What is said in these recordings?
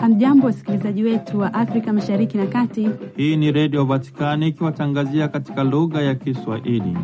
Hamjambo, wasikilizaji wetu wa Afrika mashariki na kati. Hii ni Redio Vatikani ikiwatangazia katika lugha ya Kiswahili.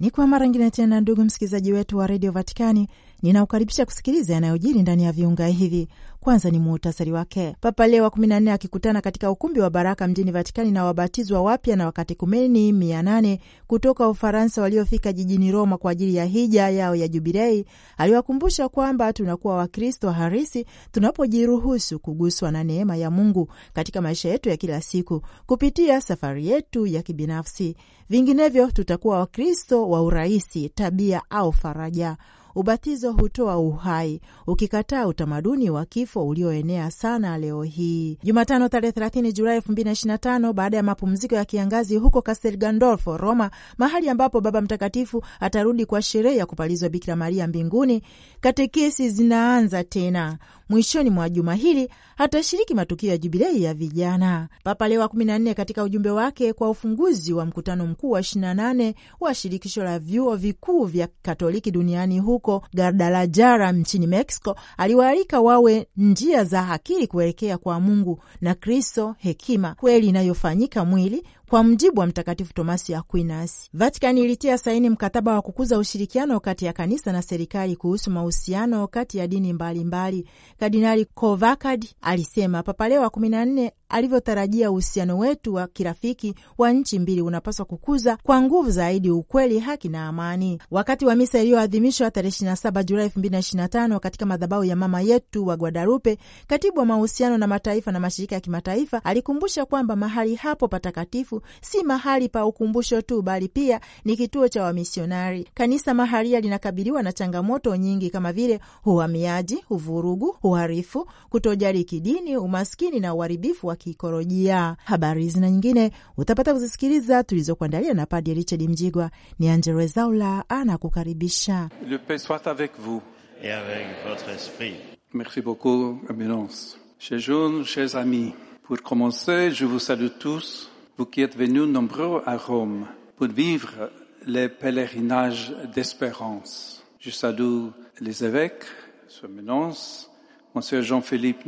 Ni kwa mara ngine tena, ndugu msikilizaji wetu wa Redio Vatikani ninaokaribisha kusikiliza yanayojiri ndani ya viunga hivi. Kwanza ni muhutasari wake. Papa Leo wa kumi na nne akikutana katika ukumbi wa Baraka mjini Vatikani na wabatizwa wapya na wakatekumeni mia nane kutoka Ufaransa waliofika jijini Roma kwa ajili ya hija yao ya Jubilei, aliwakumbusha kwamba tunakuwa Wakristo harisi tunapojiruhusu kuguswa na neema ya Mungu katika maisha yetu ya kila siku kupitia safari yetu ya kibinafsi. Vinginevyo tutakuwa Wakristo wa urahisi, tabia au faraja. Ubatizo hutoa uhai, ukikataa utamaduni wa kifo ulioenea sana leo hii. Jumatano tarehe 30 Julai 2025, baada ya mapumziko ya kiangazi huko Castel Gandolfo, Roma, mahali ambapo Baba Mtakatifu atarudi kwa sherehe ya kupalizwa Bikira Maria mbinguni, katekesi zinaanza tena. Mwishoni mwa juma hili atashiriki matukio ya jubilei ya vijana. Papa Leo wa 14 katika ujumbe wake kwa ufunguzi wa mkutano mkuu wa 28 wa shirikisho la vyuo vikuu vya Katoliki duniani huko huko Guadalajara nchini Mexico, aliwaalika wawe njia za akili kuelekea kwa Mungu na Kristo, hekima kweli inayofanyika mwili kwa mjibu wa Mtakatifu Tomasi Aquinas. Vatikani ilitia saini mkataba wa kukuza ushirikiano kati ya kanisa na serikali kuhusu mahusiano kati ya dini mbalimbali. Kardinali Kovakad alisema Papa Leo wa kumi na nne alivyotarajia uhusiano wetu wa kirafiki wa nchi mbili unapaswa kukuza kwa nguvu zaidi ukweli, haki na amani. Wakati wa misa iliyoadhimishwa tarehe 27 Julai 2025 katika madhabahu ya mama yetu wa Guadalupe, katibu wa mahusiano na mataifa na mashirika ya kimataifa alikumbusha kwamba mahali hapo patakatifu si mahali pa ukumbusho tu, bali pia ni kituo cha wamisionari. Kanisa maharia linakabiliwa na changamoto nyingi kama vile uhamiaji, uvurugu, uharifu, kutojali kidini, umaskini na uharibifu wa kiikolojia. Habari hizi na nyingine utapata kuzisikiliza tulizokuandalia na Padre Richard Mjigwa. Ni Angelo Rezaula anakukaribisha. Le paix soit avec vous et avec votre esprit. Merci beaucoup, Eminence. jeunes, amis, pour commencer, je vous salue tous vous qui êtes venus nombreux à Rome pour vivre les pèlerinages d'espérance. Je salue les évêques, Somenance, Monsieur Jean-Philippe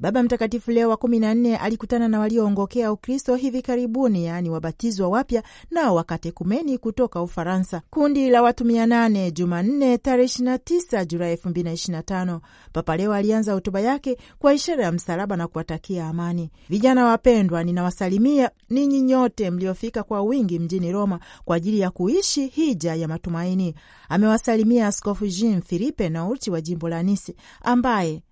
Baba Mtakatifu Leo wa kumi na nne alikutana na walioongokea Ukristo hivi karibuni, yaani wabatizwa wapya na wakatekumeni kutoka Ufaransa, kundi la watu mia nane, Jumanne tarehe 29 Julai 2025. Papa Leo alianza hotuba yake kwa ishara ya msalaba na kuwatakia amani. Vijana wapendwa, ninawasalimia ninyi nyote mliofika kwa wingi mjini Roma kwa ajili ya kuishi hija ya matumaini. Amewasalimia Askofu Jean Philippe Nolte wa jimbo la Nisi ambaye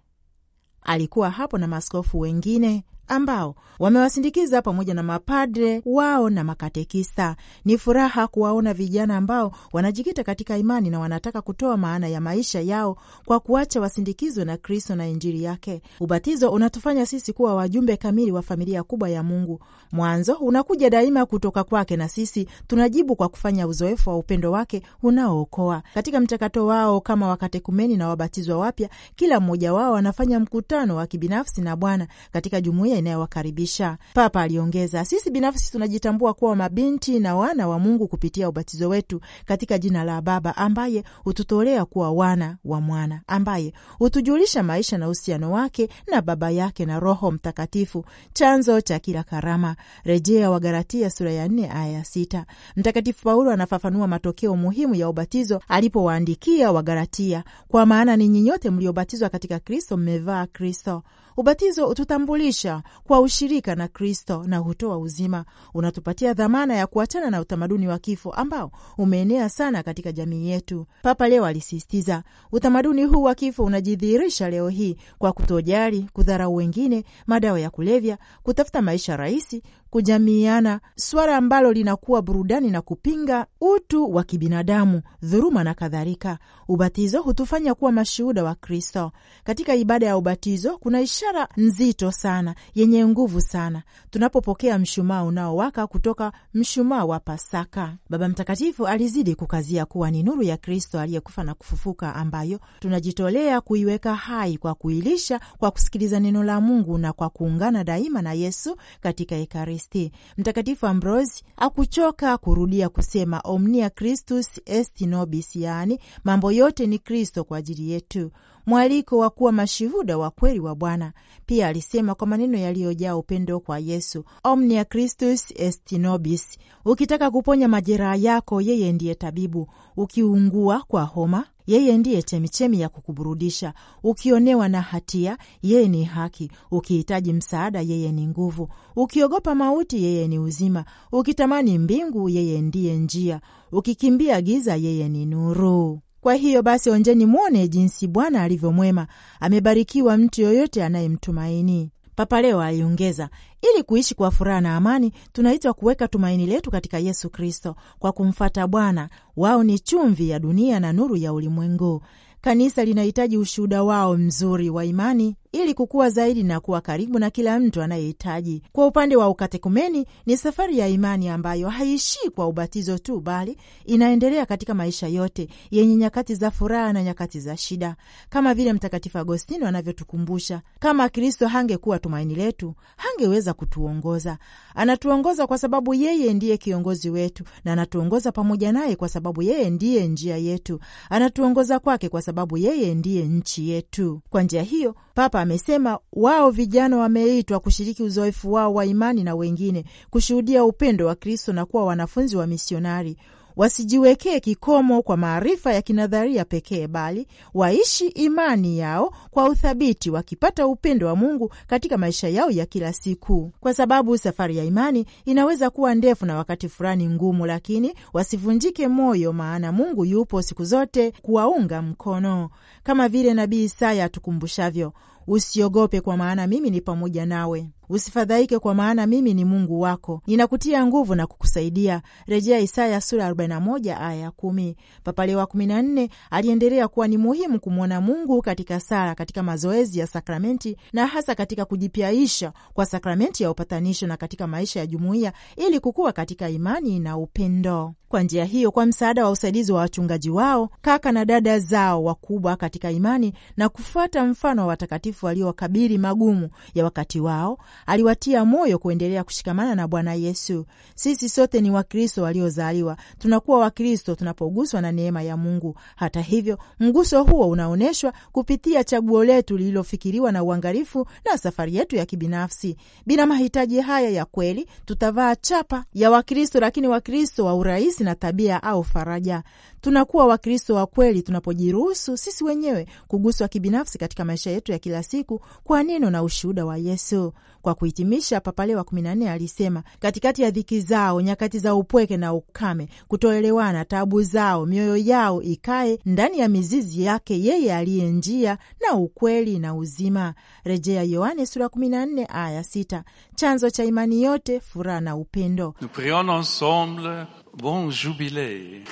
Alikuwa hapo na maaskofu wengine ambao wamewasindikiza pamoja na mapadre wao na makatekista. Ni furaha kuwaona vijana ambao wanajikita katika imani na wanataka kutoa maana ya maisha yao kwa kuacha wasindikizwe na Kristo na Injili yake. Ubatizo unatufanya sisi kuwa wajumbe kamili wa familia kubwa ya Mungu. Mwanzo unakuja daima kutoka kwake, na sisi tunajibu kwa kufanya uzoefu wa upendo wake unaookoa. Katika mchakato wao kama wakatekumeni na wabatizwa wapya, kila mmoja wao anafanya mkutano wa kibinafsi na Bwana katika jumuiya inayowakaribisha. Papa aliongeza, sisi binafsi tunajitambua kuwa mabinti na wana wa Mungu kupitia ubatizo wetu katika jina la Baba ambaye hututolea kuwa wana wa Mwana, ambaye hutujulisha maisha na uhusiano wake na Baba yake na Roho Mtakatifu, chanzo cha kila karama. Rejea Wagalatia sura ya nne aya ya sita. Mtakatifu Paulo anafafanua matokeo muhimu ya ubatizo alipowaandikia Wagalatia, kwa maana ninyi nyote mliobatizwa katika Kristo mmevaa Kristo. Ubatizo hututambulisha kwa ushirika na Kristo na hutoa uzima, unatupatia dhamana ya kuachana na utamaduni wa kifo ambao umeenea sana katika jamii yetu. Papa leo alisisitiza, utamaduni huu wa kifo unajidhihirisha leo hii kwa kutojali, kudharau wengine, madawa ya kulevya, kutafuta maisha rahisi, kujamiana, suala ambalo linakuwa burudani na kupinga utu wa kibinadamu, dhuruma na kadhalika. Ubatizo hutufanya kuwa mashuhuda wa Kristo. Katika ibada ya ubatizo kuna ishara nzito sana yenye nguvu sana, tunapopokea mshumaa unaowaka kutoka mshumaa wa Pasaka. Baba Mtakatifu alizidi kukazia kuwa ni nuru ya Kristo aliyekufa na kufufuka, ambayo tunajitolea kuiweka hai kwa kuilisha, kwa kusikiliza neno la Mungu na kwa kuungana daima na Yesu katika Ekaristi. Kristi. Mtakatifu ambrosi akuchoka kurudia kusema omnia Christus est nobis, yaani mambo yote ni Kristo kwa ajili yetu, mwaliko wa kuwa mashuhuda wa kweli wa Bwana. Pia alisema kwa maneno yaliyojaa upendo kwa Yesu, omnia Christus est nobis. Ukitaka kuponya majeraha yako, yeye ndiye tabibu. Ukiungua kwa homa yeye ndiye chemichemi ya kukuburudisha. Ukionewa na hatia, yeye ni haki. Ukihitaji msaada, yeye ni nguvu. Ukiogopa mauti, yeye ni uzima. Ukitamani mbingu, yeye ndiye njia. Ukikimbia giza, yeye ni nuru. Kwa hiyo basi, onjeni mwone jinsi Bwana alivyo mwema. Amebarikiwa mtu yoyote anayemtumaini. Papa Leo aliongeza, ili kuishi kwa furaha na amani, tunaitwa kuweka tumaini letu katika Yesu Kristo kwa kumfata Bwana. Wao ni chumvi ya dunia na nuru ya ulimwengu. Kanisa linahitaji ushuhuda wao mzuri wa imani ili kukua zaidi na kuwa karibu na kila mtu anayehitaji. Kwa upande wa ukatekumeni, ni safari ya imani ambayo haiishii kwa ubatizo tu, bali inaendelea katika maisha yote yenye nyakati za furaha na nyakati za shida, kama vile Mtakatifu Agostino anavyotukumbusha: kama Kristo hangekuwa tumaini letu, hangeweza kutuongoza. Anatuongoza kwa sababu yeye ndiye kiongozi wetu, na anatuongoza pamoja naye kwa sababu yeye ndiye njia yetu, anatuongoza kwake kwa sababu yeye ndiye nchi yetu. Kwa njia hiyo Papa amesema wao vijana wameitwa kushiriki uzoefu wao wa imani na wengine, kushuhudia upendo wa Kristo na kuwa wanafunzi wa misionari wasijiwekee kikomo kwa maarifa ya kinadharia pekee, bali waishi imani yao kwa uthabiti, wakipata upendo wa Mungu katika maisha yao ya kila siku, kwa sababu safari ya imani inaweza kuwa ndefu na wakati fulani ngumu, lakini wasivunjike moyo, maana Mungu yupo siku zote kuwaunga mkono, kama vile nabii Isaya atukumbushavyo Usiogope, kwa maana mimi ni pamoja nawe. Usifadhaike, kwa maana mimi ni Mungu wako, ninakutia nguvu na kukusaidia. Rejea Isaya sura 41 aya 10. Papa Leo wa 14 aliendelea kuwa ni muhimu kumwona Mungu katika sala, katika mazoezi ya sakramenti na hasa katika kujipyaisha kwa sakramenti ya upatanisho na katika maisha ya jumuiya, ili kukua katika imani na upendo. Kwa njia hiyo, kwa msaada wa usaidizi wa wachungaji wao, kaka na dada zao wakubwa katika imani na kufuata mfano wa watakatifu waliowakabili magumu ya wakati wao, aliwatia moyo kuendelea kushikamana na Bwana Yesu. Sisi sote ni Wakristo waliozaliwa, tunakuwa Wakristo tunapoguswa na neema ya Mungu. Hata hivyo, mguso huo unaonyeshwa kupitia chaguo letu lililofikiriwa na uangalifu na safari yetu ya kibinafsi. Bila mahitaji haya ya kweli, tutavaa chapa ya Wakristo, lakini Wakristo wa urahisi sisi na tabia au faraja. Tunakuwa Wakristo wa kweli tunapojiruhusu sisi wenyewe kuguswa kibinafsi katika maisha yetu ya kila siku kwa neno na ushuhuda wa Yesu. Kwa kuhitimisha, Papa Leo wa kumi alisema, katikati ya dhiki zao, nyakati za upweke na ukame, kutoelewana, tabu zao, mioyo yao ikae ndani ya mizizi yake yeye aliye njia na ukweli na uzima, rejea Yohane sura 14 aya 6, chanzo cha imani yote, furaha na upendo. Nous prions ensemble Bon jubilei.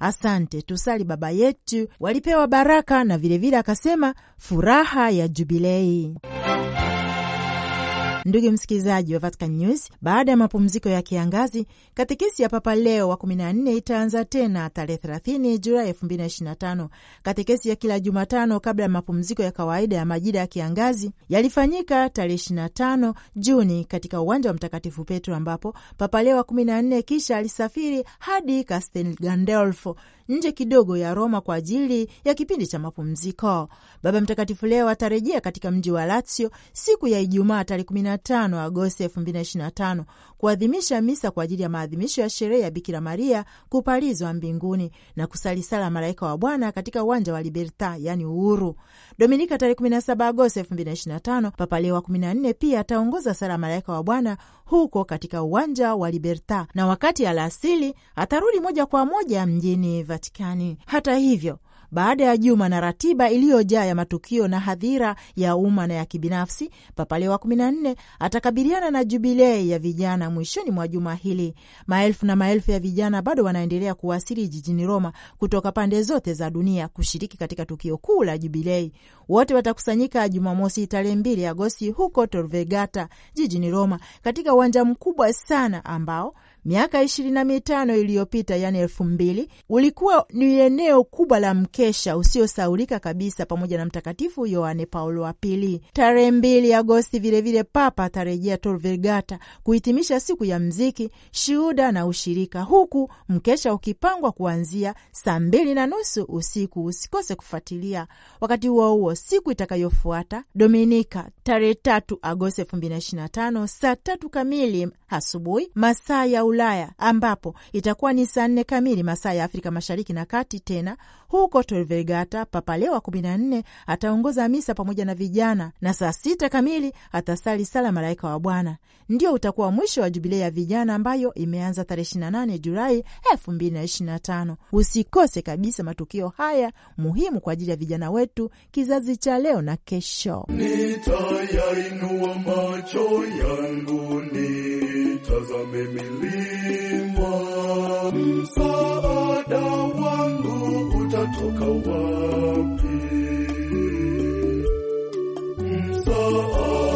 Asante, tusali Baba yetu, walipewa baraka na vilevile akasema furaha ya jubilei. Ndugu msikilizaji wa Vatican News, baada ya mapumziko ya kiangazi, katekesi ya Papa Leo wa 14 itaanza tena tarehe 30 Julai 2025. Katekesi ya kila Jumatano kabla ya mapumziko ya kawaida ya majira ya kiangazi yalifanyika tarehe 25 Juni katika uwanja wa Mtakatifu Petro, ambapo Papa Leo wa 14 kisha alisafiri hadi Castel Gandolfo nje kidogo ya Roma kwa ajili ya kipindi cha mapumziko. Baba Mtakatifu Leo atarejea katika mji wa Lazio siku ya Ijumaa tarehe 25 Agosti 2025 kuadhimisha misa kwa ajili ya maadhimisho ya sherehe ya Bikira Maria kupalizwa mbinguni na kusali sala malaika wa Bwana katika uwanja wa Liberta, yaani Uhuru. Dominika tarehe 17 Agosti 2025 Papa Leo wa 14 pia ataongoza sala malaika wa Bwana huko katika uwanja wa Liberta, na wakati alasili atarudi moja kwa moja mjini Vatikani. Hata hivyo baada ya juma na ratiba iliyojaa ya matukio na hadhira ya umma na ya kibinafsi, Papa Leo wa 14 atakabiliana na jubilei ya vijana mwishoni mwa juma hili. Maelfu na maelfu ya vijana bado wanaendelea kuwasili jijini Roma kutoka pande zote za dunia kushiriki katika tukio kuu la jubilei. Wote watakusanyika Jumamosi tarehe mbili Agosti huko Torvegata jijini Roma, katika uwanja mkubwa sana ambao miaka ishirini na mitano iliyopita, yani elfu mbili, ulikuwa ni eneo kubwa la mkesha usiosaulika kabisa pamoja na Mtakatifu Yohane Paulo wa Pili. Tarehe mbili Agosti vilevile Papa atarejea Tor Vergata kuhitimisha siku ya mziki, shuhuda na ushirika, huku mkesha ukipangwa kuanzia saa mbili na nusu usiku. Usikose kufuatilia. Wakati huo huo, siku itakayofuata Dominika tarehe tatu Agosti elfu mbili na ishirini na tano saa tatu kamili asubuhi masaa ya Ulaya, ambapo itakuwa ni saa nne kamili masaa ya Afrika Mashariki na Kati. Tena huko Torvegata, Papa Leo wa kumi na nne ataongoza misa pamoja na vijana, na saa sita kamili atasali sala Malaika wa Bwana. Ndio utakuwa mwisho wa jubilei ya vijana ambayo imeanza tarehe 28 Julai 2025. Usikose kabisa matukio haya muhimu kwa ajili ya vijana wetu, kizazi cha leo na kesho. Nitayainua macho yangu ni Itazame milima, msaada wangu utatoka wapi? Msaada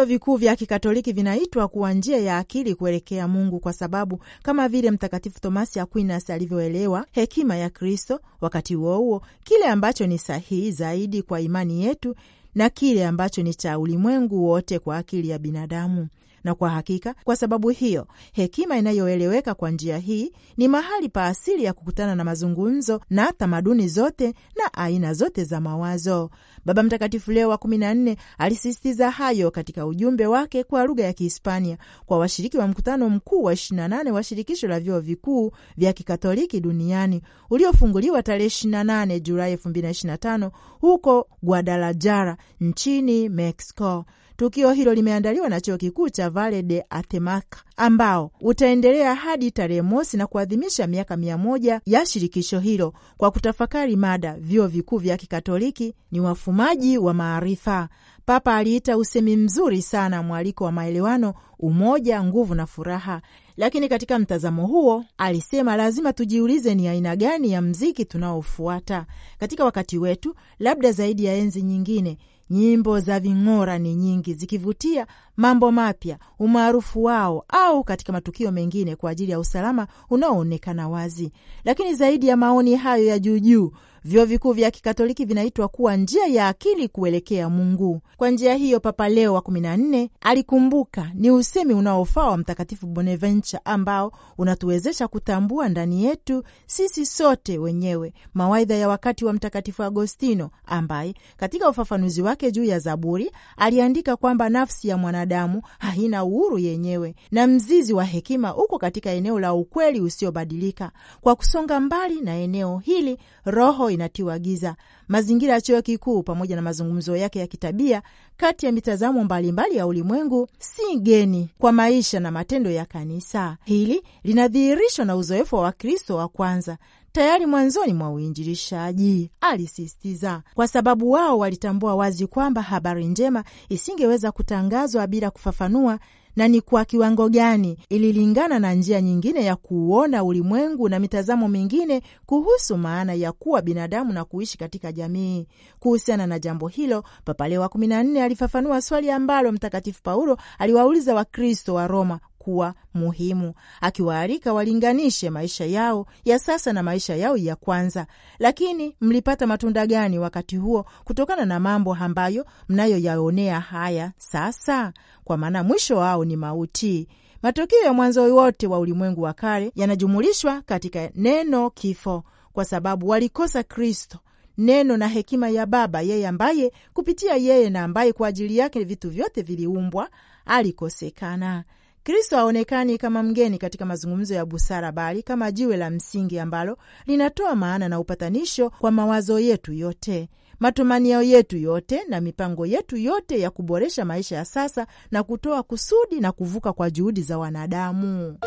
Vyuo vikuu vya Kikatoliki vinaitwa kuwa njia ya akili kuelekea Mungu, kwa sababu kama vile Mtakatifu Tomasi Aquinas alivyoelewa hekima ya Kristo, wakati huo huo kile ambacho ni sahihi zaidi kwa imani yetu na kile ambacho ni cha ulimwengu wote kwa akili ya binadamu na kwa hakika, kwa sababu hiyo, hekima inayoeleweka kwa njia hii ni mahali pa asili ya kukutana na mazungumzo na tamaduni zote na aina zote za mawazo. Baba Mtakatifu Leo wa kumi na nne alisisitiza hayo katika ujumbe wake kwa lugha ya Kihispania kwa washiriki wa mkutano mkuu wa 28 wa shirikisho la vyuo vikuu vya kikatoliki duniani uliofunguliwa tarehe 28 Julai 2025 huko Guadalajara nchini Mexico. Tukio hilo limeandaliwa na chuo kikuu cha Vale de Atemaca ambao utaendelea hadi tarehe mosi na kuadhimisha miaka mia moja ya shirikisho hilo kwa kutafakari mada vyuo vikuu vya Kikatoliki ni wafumaji wa maarifa. Papa aliita usemi mzuri sana mwaliko wa maelewano, umoja, nguvu na furaha. Lakini katika mtazamo huo, alisema lazima tujiulize ni aina gani ya mziki tunaofuata katika wakati wetu, labda zaidi ya enzi nyingine. Nyimbo za ving'ora ni nyingi, zikivutia mambo mapya, umaarufu wao au katika matukio mengine kwa ajili ya usalama unaoonekana wazi. Lakini zaidi ya maoni hayo ya juujuu, Vyuo vikuu vya Kikatoliki vinaitwa kuwa njia ya akili kuelekea Mungu. Kwa njia hiyo, Papa Leo wa 14 alikumbuka, ni usemi unaofaa wa Mtakatifu Bonaventure ambao unatuwezesha kutambua ndani yetu sisi sote wenyewe mawaidha ya wakati wa Mtakatifu Agostino ambaye katika ufafanuzi wake juu ya Zaburi aliandika kwamba nafsi ya mwanadamu haina uhuru yenyewe na mzizi wa hekima uko katika eneo la ukweli usiobadilika. Kwa kusonga mbali na eneo hili, roho inatiwa giza. Mazingira ya chuo kikuu pamoja na mazungumzo yake ya kitabia kati ya mitazamo mbalimbali ya ulimwengu si geni kwa maisha na matendo ya kanisa. Hili linadhihirishwa na uzoefu wa Wakristo wa kwanza tayari mwanzoni mwa uinjilishaji, alisisitiza, kwa sababu wao walitambua wazi kwamba habari njema isingeweza kutangazwa bila kufafanua na ni kwa kiwango gani ililingana na njia nyingine ya kuuona ulimwengu na mitazamo mingine kuhusu maana ya kuwa binadamu na kuishi katika jamii. Kuhusiana na jambo hilo, Papa Leo wa 14 alifafanua swali ambalo Mtakatifu Paulo aliwauliza Wakristo wa Roma kuwa muhimu, akiwaalika walinganishe maisha yao ya sasa na maisha yao ya kwanza. Lakini mlipata matunda gani wakati huo kutokana na mambo ambayo mnayoyaonea haya sasa? Kwa maana mwisho wao ni mauti. Matokeo ya mwanzo wote wa ulimwengu wa kale yanajumulishwa katika neno kifo, kwa sababu walikosa Kristo, neno na hekima ya Baba, yeye ambaye kupitia yeye na ambaye kwa ajili yake vitu vyote viliumbwa, alikosekana. Kristo haonekani kama mgeni katika mazungumzo ya busara, bali kama jiwe la msingi ambalo linatoa maana na upatanisho kwa mawazo yetu yote, matumanio yetu yote na mipango yetu yote ya kuboresha maisha ya sasa na kutoa kusudi na kuvuka kwa juhudi za wanadamu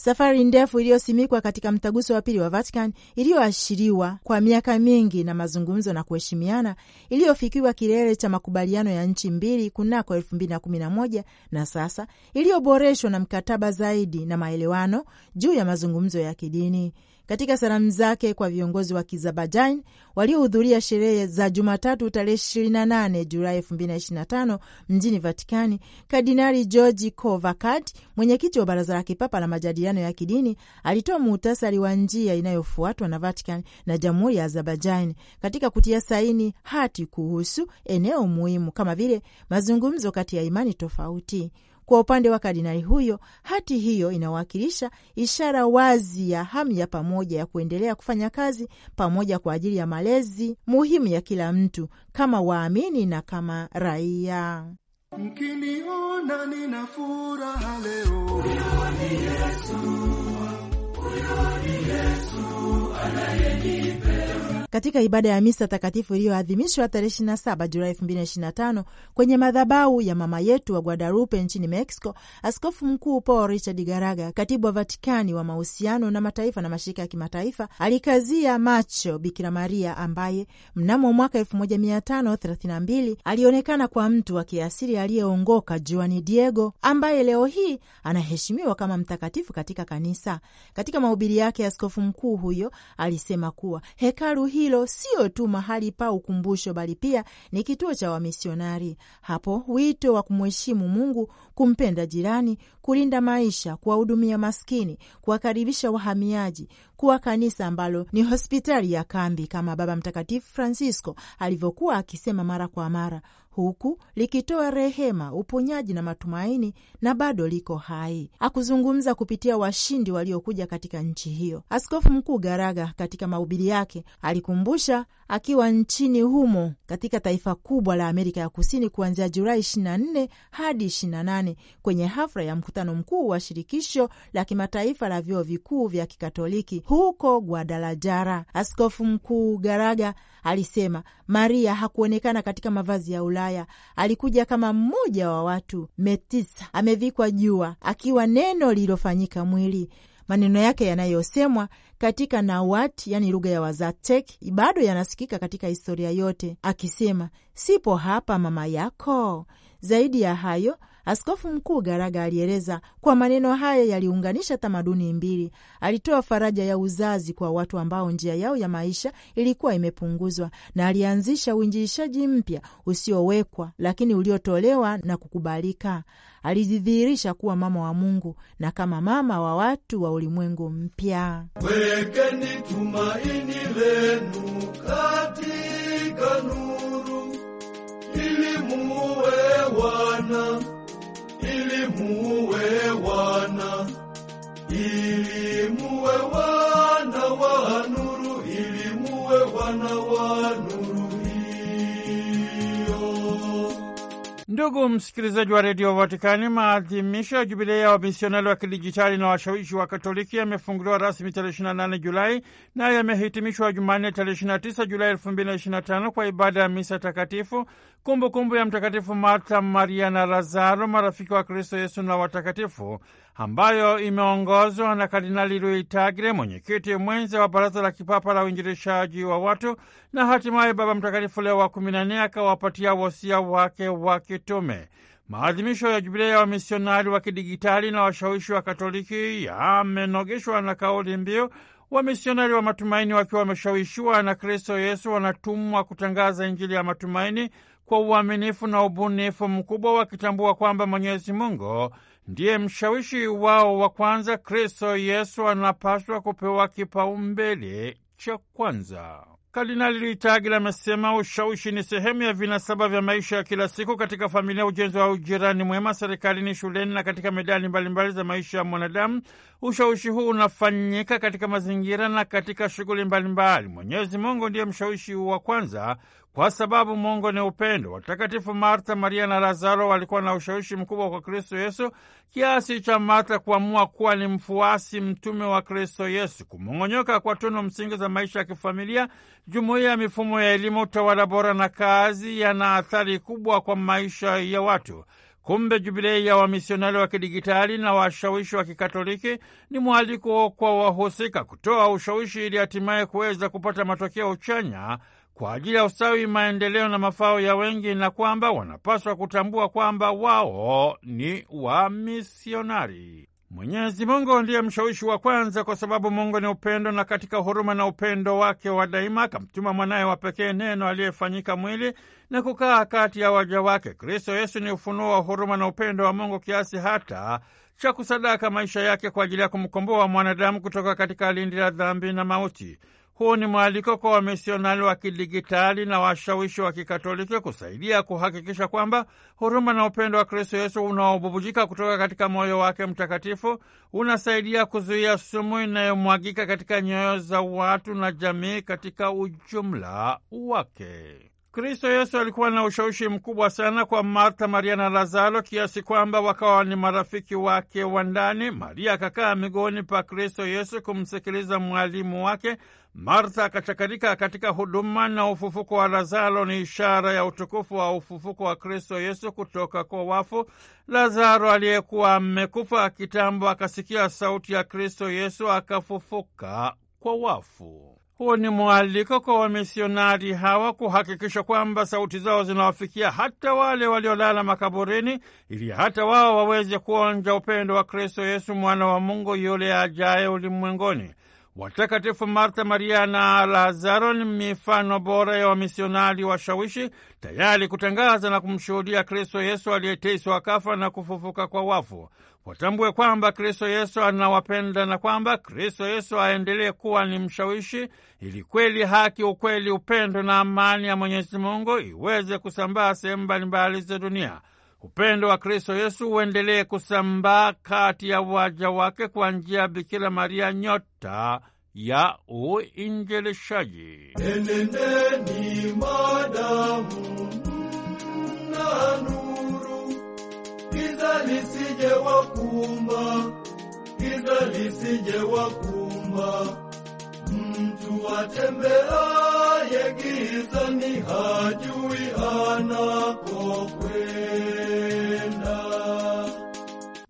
safari ndefu iliyosimikwa katika mtaguso wa pili wa Vatican, iliyoashiriwa kwa miaka mingi na mazungumzo na kuheshimiana, iliyofikiwa kilele cha makubaliano ya nchi mbili kunako elfu mbili na kumi na moja na sasa iliyoboreshwa na mkataba zaidi na maelewano juu ya mazungumzo ya kidini katika salamu zake kwa viongozi wa kizerbaijan waliohudhuria sherehe za Jumatatu tarehe 28 Julai 2025 mjini Vatikani, Kardinali Georgi Kovakat, mwenyekiti wa Baraza la Kipapa la Majadiliano ya Kidini, alitoa muhtasari wa njia inayofuatwa na Vatican na Jamhuri ya Azerbaijan katika kutia saini hati kuhusu eneo muhimu kama vile mazungumzo kati ya imani tofauti kwa upande wa kardinali huyo, hati hiyo inawakilisha ishara wazi ya hamu ya pamoja ya kuendelea kufanya kazi pamoja kwa ajili ya malezi muhimu ya kila mtu kama waamini na kama raia. Mkiniona nina furaha leo, huyo ni Yesu, huyo ni Yesu katika ibada ya misa takatifu iliyoadhimishwa tarehe 27 Julai 2025 kwenye madhabahu ya mama yetu wa Guadalupe nchini Mexico, Askofu Mkuu Paul Richard Garaga, katibu wa Vatikani wa mahusiano na mataifa na mashirika ya kimataifa, alikazia macho Bikira Maria ambaye mnamo mwaka 1532 alionekana kwa mtu wa kiasili aliyeongoka Juan Diego, ambaye leo hii anaheshimiwa kama mtakatifu katika kanisa. Katika mahubiri yake, askofu mkuu huyo alisema kuwa hekalu hilo sio tu mahali pa ukumbusho, bali pia ni kituo cha wamisionari. Hapo wito wa kumheshimu Mungu kumpenda jirani, kulinda maisha, kuwahudumia maskini, kuwakaribisha wahamiaji, kuwa kanisa ambalo ni hospitali ya kambi, kama Baba Mtakatifu Francisco alivyokuwa akisema mara kwa mara, huku likitoa rehema, uponyaji na matumaini, na bado liko hai. Akuzungumza kupitia washindi waliokuja katika nchi hiyo. Askofu Mkuu Garaga katika mahubiri yake alikumbusha akiwa nchini humo katika taifa kubwa la Amerika ya Kusini kuanzia Julai 24 hadi 28 Marekani kwenye hafla ya mkutano mkuu wa shirikisho la kimataifa la vyuo vikuu vya kikatoliki huko Guadalajara. Askofu mkuu Garaga alisema Maria hakuonekana katika mavazi ya Ulaya, alikuja kama mmoja wa watu metis amevikwa jua, akiwa neno lililofanyika mwili. Maneno yake yanayosemwa katika Nahuatl, yani lugha ya Wazatek, bado yanasikika katika historia yote, akisema sipo hapa mama yako. Zaidi ya hayo, Askofu Mkuu Garaga alieleza kwa maneno haya yaliunganisha tamaduni mbili. Alitoa faraja ya uzazi kwa watu ambao njia yao ya maisha ilikuwa imepunguzwa, na alianzisha uinjilishaji mpya usiowekwa, lakini uliotolewa na kukubalika. Alijidhihirisha kuwa mama wa Mungu na kama mama wa watu wa ulimwengu mpya. Wekeni tumaini lenu katika nuru ili muwe wana muwe wana ili muwe wana wa ili muwe wana wa Ndugu msikilizaji wa redio Vatikani, maadhimisho ya jubilei ya wamisionari wa kidijitali na washawishi wa Katoliki yamefunguliwa rasmi tarehe 28 Julai nayo yamehitimishwa Jumanne tarehe 29 Julai 2025 kwa ibada ya misa takatifu, kumbukumbu ya Mtakatifu Marta Mariana Lazaro, marafiki wa Kristo Yesu na watakatifu ambayo imeongozwa na Kardinali tagre mwenyekiti mwenzi wa Baraza la Kipapa la Uinjilishaji wa watu, na hatimaye Baba Mtakatifu Leo wa kumi na nne akawapatia wosia wake wa kitume. Maadhimisho ya Jubilei ya wamisionari wa kidigitali na washawishi wa Katoliki yamenogeshwa na kauli mbiu wamisionari wa matumaini, wakiwa wameshawishiwa na Kristo Yesu, wanatumwa kutangaza Injili ya matumaini kwa uaminifu na ubunifu mkubwa, wakitambua kwamba Mwenyezi Mungu ndiye mshawishi wao wa kwanza. Kristo Yesu anapaswa kupewa kipaumbele cha kwanza. Kardinali Lutagila amesema ushawishi ni sehemu ya vinasaba vya maisha ya kila siku katika familia, ujenzi wa ujirani mwema serikalini, shuleni na katika medani mbalimbali za maisha ya mwanadamu. Ushawishi huu unafanyika katika mazingira na katika shughuli mbalimbali. Mwenyezi Mungu ndiye mshawishi wa kwanza kwa sababu Mungu ni upendo. Watakatifu Martha, Maria na Lazaro walikuwa na ushawishi mkubwa kwa Kristo Yesu kiasi cha Martha kuamua kuwa ni mfuasi mtume wa Kristo Yesu. Kumong'onyoka kwa tunu msingi za maisha ya kifamilia, jumuiya ya mifumo ya elimu, utawala bora na kazi yana athari kubwa kwa maisha ya watu. Kumbe jubilei ya wamisionari wa kidigitali na washawishi wa kikatoliki ni mwaliko kwa wahusika kutoa ushawishi ili hatimaye kuweza kupata matokeo chanya kwa ajili ya ustawi, maendeleo na mafao ya wengi, na kwamba wanapaswa kutambua kwamba wao ni wamisionari. Mwenyezi Mungu ndiye mshawishi wa kwanza, kwa sababu Mungu ni upendo, na katika huruma na upendo wake wa daima akamtuma mwanaye wa pekee, Neno aliyefanyika mwili na kukaa kati ya waja wake. Kristo Yesu ni ufunuo wa huruma na upendo wa Mungu kiasi hata cha kusadaka maisha yake kwa ajili ya kumkomboa mwanadamu kutoka katika lindi la dhambi na mauti. Huu ni mwaliko kwa wamisionari wa kidigitali na washawishi wa kikatoliki kusaidia kuhakikisha kwamba huruma na upendo wa Kristo Yesu unaobubujika kutoka katika moyo wake mtakatifu unasaidia kuzuia sumu inayomwagika katika nyoyo za watu na jamii katika ujumla wake. Kristo Yesu alikuwa na ushawishi mkubwa sana kwa Marta, Maria na Lazaro kiasi kwamba wakawa ni marafiki wake wa ndani. Maria akakaa migoni pa Kristo Yesu kumsikiliza mwalimu wake. Martha akachakarika katika huduma, na ufufuko wa Lazaro ni ishara ya utukufu wa ufufuko wa Kristo Yesu kutoka kwa wafu. Lazaro aliyekuwa amekufa kitambo akasikia sauti ya Kristo Yesu, akafufuka kwa wafu. Huu ni mwaliko kwa wamisionari hawa kuhakikisha kwamba sauti zao zinawafikia hata wale waliolala makaburini, ili hata wao waweze kuonja upendo wa Kristo Yesu, mwana wa Mungu yule ajaye ulimwengoni. Watakatifu martha Maria na Lazaro ni mifano bora ya wamisionari washawishi, tayari kutangaza na kumshuhudia Kristo Yesu aliyeteswa akafa na kufufuka kwa wafu. Watambue kwamba Kristo Yesu anawapenda na kwamba Kristo Yesu aendelee kuwa ni mshawishi, ili kweli, haki, ukweli, upendo na amani ya Mwenyezi Mungu iweze kusambaa sehemu mbalimbali za dunia. Upendo wa Kristo Yesu uendelee kusambaa kati ya waja wake kwa njia ya Bikira Maria, nyota ya uinjilishaji. Enendeni madamu na nuru, giza lisije wakumba, giza lisije wakumba mtu atembeaye gizani hajui anakokwenda.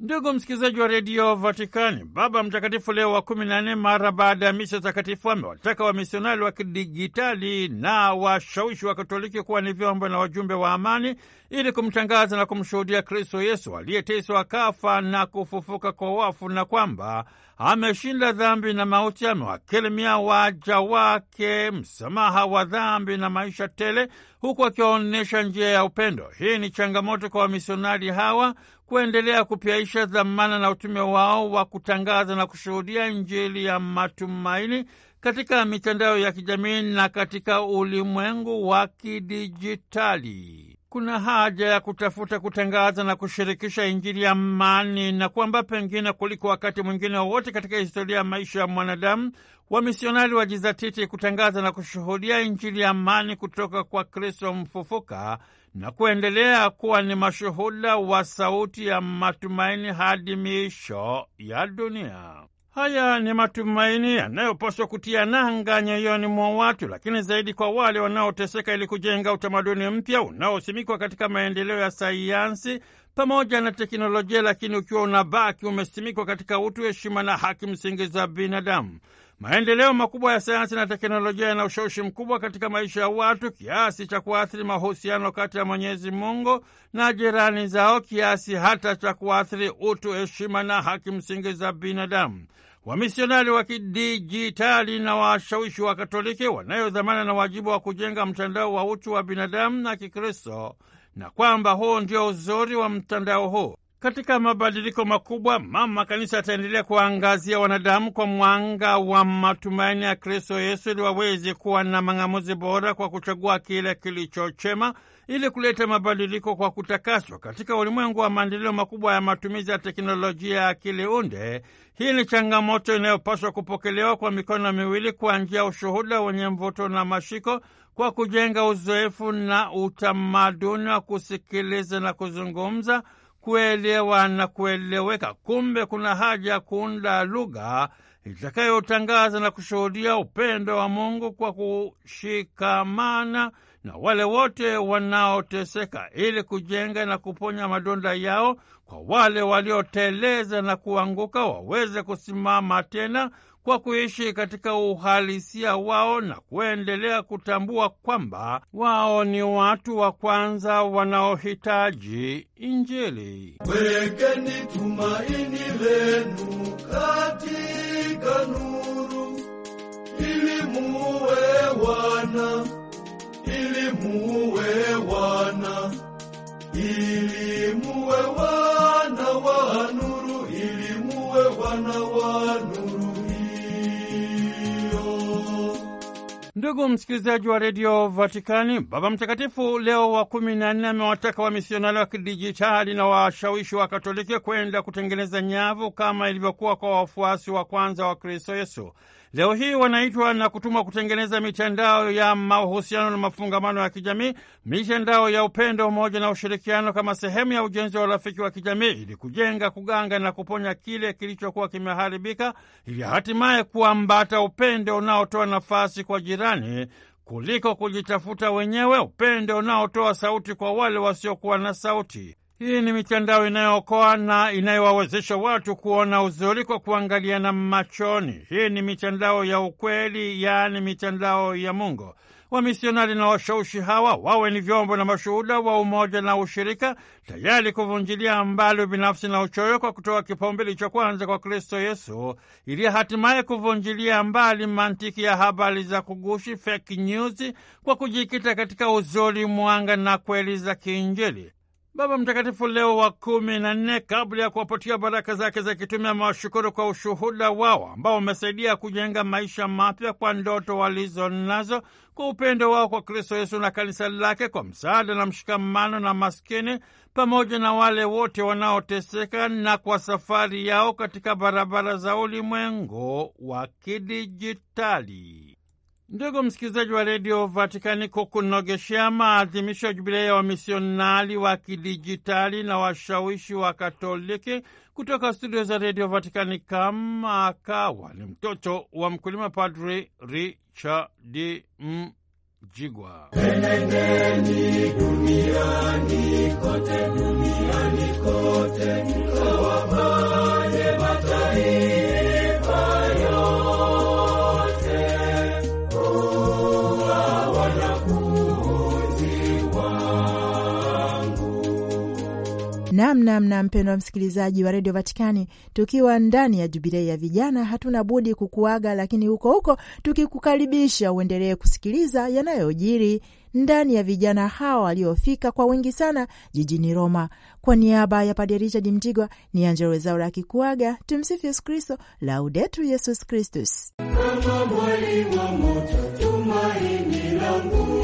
Ndugu msikilizaji wa redio Vatikani, Baba Mtakatifu Leo wa kumi na nne mara baada ya misa takatifu amewataka wamisionari wa kidigitali na washawishi wa Katoliki kuwa ni vyombo na wajumbe wa amani ili kumtangaza na kumshuhudia Kristo Yesu aliyeteswa, kafa na kufufuka kwa wafu, na kwamba ameshinda dhambi na mauti, amewakirimia waja wake msamaha wa dhambi na maisha tele, huku akiwaonyesha njia ya upendo. Hii ni changamoto kwa wamisionari hawa kuendelea kupyaisha dhamana na utume wao wa kutangaza na kushuhudia Injili ya matumaini katika mitandao ya kijamii na katika ulimwengu wa kidijitali kuna haja ya kutafuta kutangaza na kushirikisha Injili ya amani, na kwamba pengine kuliko wakati mwingine wowote katika historia ya maisha ya mwanadamu, wamisionari wajizatiti kutangaza na kushuhudia Injili ya amani kutoka kwa Kristo mfufuka na kuendelea kuwa ni mashuhuda wa sauti ya matumaini hadi miisho ya dunia. Haya ni matumaini yanayopaswa kutia nanga nyoyoni mwa watu, lakini zaidi kwa wale wanaoteseka, ili kujenga utamaduni mpya unaosimikwa katika maendeleo ya sayansi pamoja na teknolojia, lakini ukiwa unabaki umesimikwa katika utu, heshima na haki msingi za binadamu. Maendeleo makubwa ya sayansi na teknolojia yana ushawishi mkubwa katika maisha ya watu kiasi cha kuathiri mahusiano kati ya Mwenyezi Mungu na jirani zao, kiasi hata cha kuathiri utu, heshima na haki msingi za binadamu. Wamisionari wa kidijitali na washawishi wa Katoliki wanayo dhamana na wajibu wa kujenga mtandao wa utu wa binadamu na Kikristo, na kwamba huu ndio uzuri wa mtandao huu. Katika mabadiliko makubwa, mama kanisa ataendelea kuwaangazia wanadamu kwa mwanga wa matumaini ya Kristo Yesu ili waweze kuwa na mang'amuzi bora kwa kuchagua kile kilichochema ili kuleta mabadiliko kwa kutakaswa katika ulimwengu wa maendeleo makubwa ya matumizi ya teknolojia ya akili unde. Hii ni changamoto inayopaswa kupokelewa kwa mikono miwili kwa njia ya ushuhuda wenye mvuto na mashiko, kwa kujenga uzoefu na utamaduni wa kusikiliza na kuzungumza kuelewa na kueleweka. Kumbe kuna haja ya kuunda lugha itakayotangaza na kushuhudia upendo wa Mungu kwa kushikamana na wale wote wanaoteseka, ili kujenga na kuponya madonda yao, kwa wale walioteleza na kuanguka waweze kusimama tena kwa kuishi katika uhalisia wao na kuendelea kutambua kwamba wao ni watu wa kwanza wanaohitaji Injili. Wekeni tumaini lenu katika nuru, ili muwe wana, ili muwe wana, ili muwe wana wa nuru, ili muwe wana wa nuru. Ndugu msikilizaji wa redio Vatikani, Baba Mtakatifu Leo wa kumi na nne amewataka wamisionari wa kidijitali na washawishi wa Katoliki kwenda kutengeneza nyavu kama ilivyokuwa kwa wafuasi wa kwanza wa Kristo Yesu. Leo hii wanaitwa na kutumwa kutengeneza mitandao ya mahusiano na mafungamano ya kijamii, mitandao ya upendo, umoja na ushirikiano, kama sehemu ya ujenzi wa urafiki wa kijamii, ili kujenga, kuganga na kuponya kile kilichokuwa kimeharibika, ili hatimaye kuambata upendo unaotoa nafasi kwa jirani kuliko kujitafuta wenyewe, upendo unaotoa sauti kwa wale wasiokuwa na sauti. Hii ni mitandao inayookoa na inayowawezesha watu kuona uzuri kwa kuangaliana machoni. Hii ni mitandao ya ukweli, yaani mitandao ya Mungu. Wamisionari na washaushi hawa wawe ni vyombo na mashuhuda wa umoja na ushirika, tayari kuvunjilia mbali binafsi na uchoyo kwa kutoa kipaumbele cha kwanza kwa Kristo Yesu, ili hatimaye kuvunjilia mbali mantiki ya habari za kugushi, fake news, kwa kujikita katika uzuri, mwanga na kweli za kiinjili. Baba Mtakatifu Leo wa kumi na nne, kabla ya kuwapatia baraka zake za kitume, amewashukuru kwa ushuhuda wao ambao wamesaidia kujenga maisha mapya kwa ndoto walizo nazo, kwa upendo wao kwa Kristo Yesu na kanisa lake, kwa msaada na mshikamano na maskini, pamoja na wale wote wanaoteseka na kwa safari yao katika barabara za ulimwengu wa kidijitali. Ndugu msikilizaji wa redio Vatikani, kukunogeshea maadhimisho ya jubilei ya wamisionari wa kidijitali na washawishi wa Katoliki kutoka studio za redio Vatikani, kama kawa ni mtoto wa mkulima, Padri Richard Mjigwa. Enendeni duniani kote, duniani kote, mataifa Namnamna wa msikilizaji wa redio Vatikani, tukiwa ndani ya jubilei ya vijana, hatuna budi kukuaga, lakini huko huko tukikukaribisha uendelee kusikiliza yanayojiri ndani ya vijana hawa waliofika kwa wingi sana jijini Roma. Kwa niaba ya Padre Richard Mjigwa ni Angella la akikuaga. Tumsifu Yesu Kristo, laudetu Yesus Kristus. Kama mwali wa moto, tumaini langu